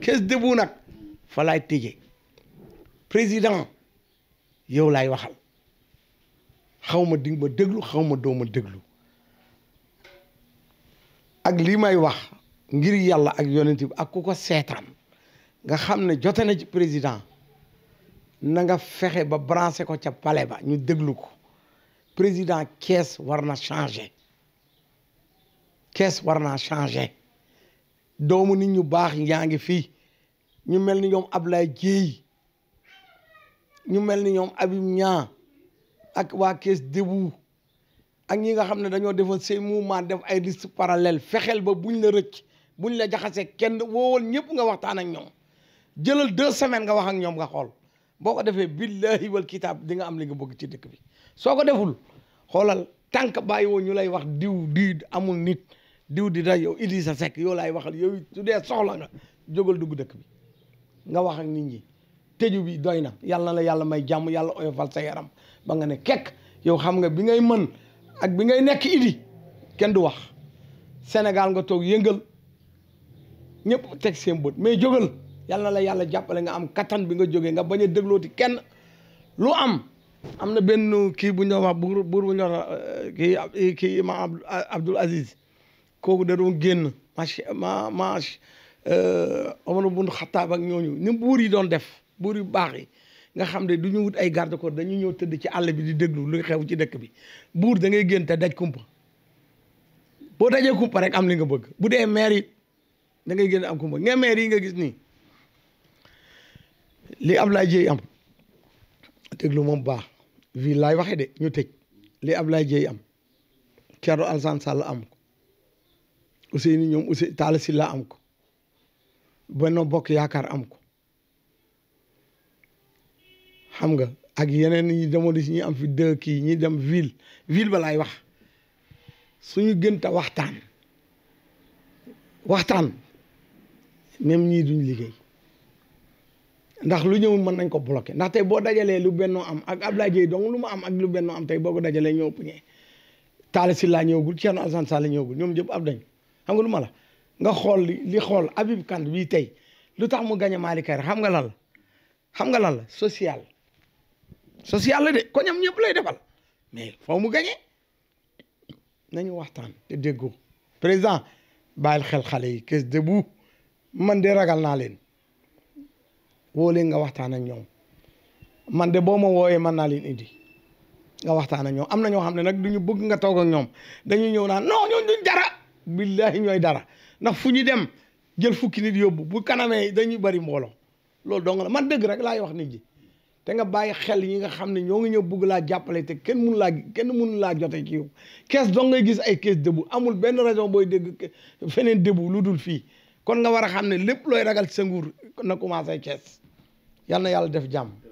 Kees debout nag fa laay tëjee président yow laay waxal xaw ma di ma déglu xaw ma doo ma déglu ak lii may wax ngir yàlla ak yonent bi ak ku ko seetaan nga xam ne jote na ci président na nga fexe ba branché ko ca pale ba ñu déglu ko président Kees war na changé Kees war naa changé doomu nit ñu baax yaa ngi fii ñu mel ni ñoom ab lay Dieye ñu mel ni ñoom Habib ñaa ak waa Kees Debout ak ñi nga xam ne dañoo defoon seen mouvement def ay liste parallèle fexeel ba buñ la rëcc buñ la jaxasee kenn woowal ñëpp nga waxtaan ak ñoom jëlal deux semaine nga wax ak ñoom nga xool boo ko defee billahi wal kitaab di nga am li nga bëgg ci dëkk bi soo ko deful xoolal tànk bàyyi woo ñu lay wax diw di amul nit diw di day yow Idrissa Seck yow laay waxal yow su dee soxla nga jógal dugg dëkk bi nga wax ak nit ñi tëju bi doy na yàlla la yàlla may jàmm yàlla oyofal sa yaram ba nga ne kekk yow xam nga bi ngay mën ak bi ngay nekk idi kenn du wax Sénégal nga toog yëngal ñëpp teg seen bët mais jógal yàlla la yàlla jàppale nga am kattan bi nga jógee nga bañ a déglooti kenn lu am am na benn kii bu ñu bu buur buur bu ñu wax kii kii Imam Abdoul Aziz kooku da doon génn mach ma mach euh, Omar bun Xattaab ak ñooñu ni buur yi doon def buur yu baax yi nga xam ne du ñu wut ay garde corps dañu ñëw tëdd ci àll bi di déglu luy xew ci dëkk bi buur da ngay génn te daj kumpa boo dajee kumpa rek am li nga bëgg bu dee maire yi da ngay génn am kumpa nga maire yi nga gis nii li Ablaye Dieye am déglu moom baax vi laay waxee de ñu tëj li Ablaye Dieye am Thierno Alassane Sall am ni ñoom Ousseynou Talla Sylla am ko Benno Bokk Yaakaar am ko xam nga ak yeneen ñi demoon di si ñi am fi deux kii ñi dem ville ville ba laay wax suñu gën ta waxtaan waxtaan même ñii duñ liggéey ndax lu ñëw mën nañ ko bloqué ndax tey boo dajalee lu bennoo am ak Abdoulaye Dieye dong lu ma am ak lu bennoo am tey boo ko dajalee ñoo puñee Talla Sylla ñëwagul Thierno Alassane Sall ñëwagul ñoom jëpp ab dañ xam nga ma la nga xool li xool Habib kand bii tey lu tax mu gañe Malick Kayre xam nga lan xam nga lal la social social la de ko ñam ñëpp lay defal mais foo mu gañe nañu waxtaan te déggoo président bàyyil xel xale yi kees de bu man de ragal naa leen woole nga waxtaan ak ñoom man de boo ma wooyee mën naa leen indi nga waxtaan ak ñoom am na ñoo xam ne nag du ñu bëgg nga toog ak ñoom dañuy ñëw naan non ñooñu duñ dara billahi ñooy dara ndax fu ñu dem jël fukki nit yóbbu bu kanamee dañuy bari mbooloo loolu dong la man dëgg rek laay wax nit ji te nga bàyyi xel yi nga xam ne ñoo ngi ñëw bëgg laa jàppale te kenn mun laa kenn mun laa jote ci yow kees dong ngay gis ay kees dëbu amul benn raison booy dégg feneen dëbu lu dul fii kon nga war a xam ne lépp looy ragal ci sa nguur na commencé kees yal na yàlla def jàmm